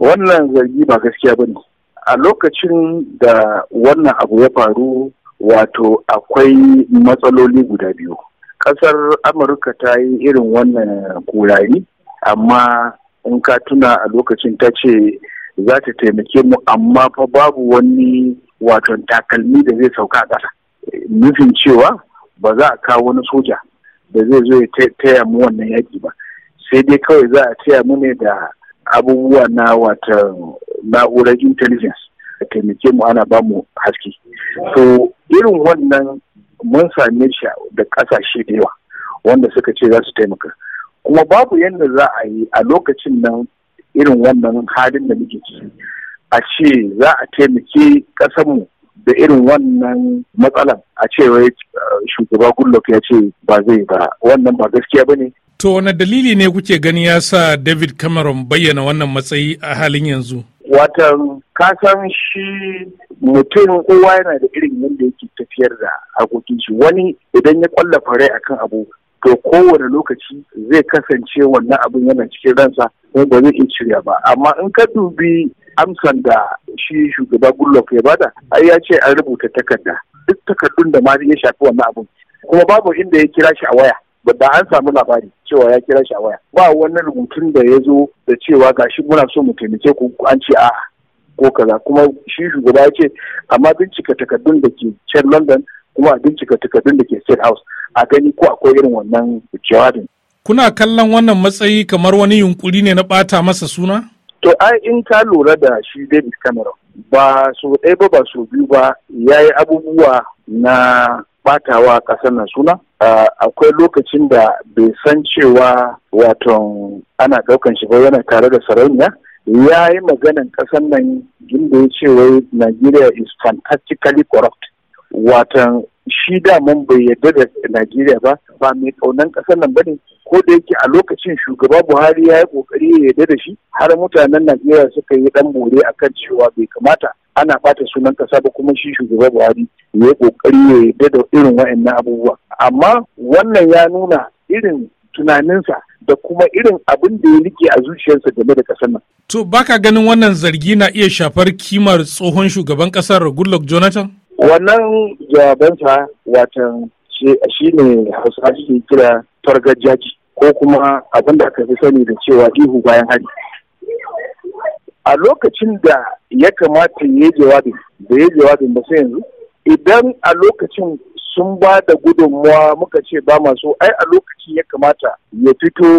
wannan zargi ba gaskiya ba ne a lokacin da wannan abu ya faru wato akwai matsaloli guda biyu ƙasar amurka ta yi irin wannan kurari amma in ka tuna a lokacin ta ce za ta taimake mu amma fa babu wani wato takalmi da zai sauka a ƙasa nufin cewa ba za a kawo wani soja da zai zo ya taya mu wannan yaƙi ba sai dai kawai za a taya mu ne da abubuwa na wata na'urar intelligence a taimake mu ana bamu haske so irin wannan mun same shi da ƙasashe da yawa wanda suka ce za su taimaka kuma babu yadda za a yi a lokacin nan irin wannan halin da muke ciki a ce za a taimake kasanmu da irin wannan matsalan a ce wai eh, shugaba gullok ya ce ba zai ba wannan ba gaskiya ba ne To wani dalili ne kuke gani ya sa David Cameron bayyana wannan matsayi a halin yanzu? Watan kasan shi mutum kowa yana da irin yadda yake tafiyar da harkokin shi wani idan ya kwallafa rai akan abu to kowane lokaci zai kasance wannan abin yana cikin ransa kuma ba zai iya shirya ba amma in ka dubi amsan da shi shugaba gullof ya bada ai ya ce an rubuta takarda duk takardun da ma ya shafi wannan abun kuma babu inda ya kira shi a waya da an samu labari cewa ya kira shi a waya ba wannan rubutun da ya zo da cewa gashi muna so mu taimake ku an ce a'a ko kaza kuma shi shugaba ya ce amma bincika takardun da ke can london kuma a bincika takardun da ke state house a gani ko akwai irin wannan jawabin kuna kallon wannan matsayi kamar wani yunkuri ne na bata masa suna to ai in ka lura da shi david cameron ba so ɗaya ba ba so biyu ba ya yi abubuwa na batawa ƙasar nan suna Ah, akwai lokacin da bai san cewa waton ana ɗaukan shi ba yana tare da sarauniya ya yi maganan ƙasar nan inda ya ce wai Nigeria is fantastically corrupt watan shi mun bai yarda da Nigeria ba ba mai ƙaunan ƙasar nan ba ne? ko da yake a lokacin shugaba Buhari ya yi ƙoƙari ya yarda da shi har mutanen Najeriya suka yi more a kan cewa bai kamata ana bata sunan ƙasa ba kuma shi shugaba Buhari ya yi ƙoƙari ya yarda da irin waɗannan abubuwa amma wannan ya nuna irin tunaninsa da kuma irin abin da ya rike a zuciyarsa game da ƙasar nan. To baka ganin wannan zargi na iya shafar kimar tsohon shugaban kasar Goodluck Jonathan? Wannan jawabansa watan shi ne hausa ke kira fargajaji ko kuma abin da aka fi sani da cewa ihu bayan hari. A lokacin da ya kamata ya yi jawabin, da ya jawabin ba sai yanzu, idan a lokacin sun ba da gudunmuwa muka ce ba masu ai a lokaci ya kamata ya fito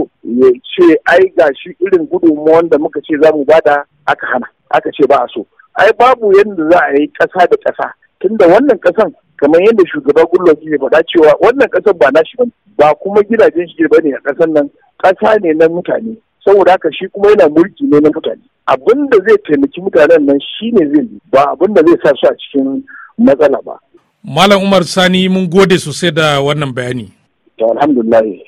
ya ce ai ga shi irin gudunmuwan da muka ce za mu bada aka hana aka ce ba a so ai babu yadda za a yi ƙasa da ƙasa tunda wannan ƙasan kamar yadda shugaban gullo ke faɗa cewa wannan ƙasan ba nashi ba ba kuma gidajen shi ba ne a ƙasan nan ƙasa ne na mutane saboda haka shi kuma yana mulki ne na mutane abin da zai taimaki mutanen nan shine zai ba abin da zai sa su a cikin matsala ba Malam Umar Sani mun gode sosai da wannan bayani. To alhamdulillah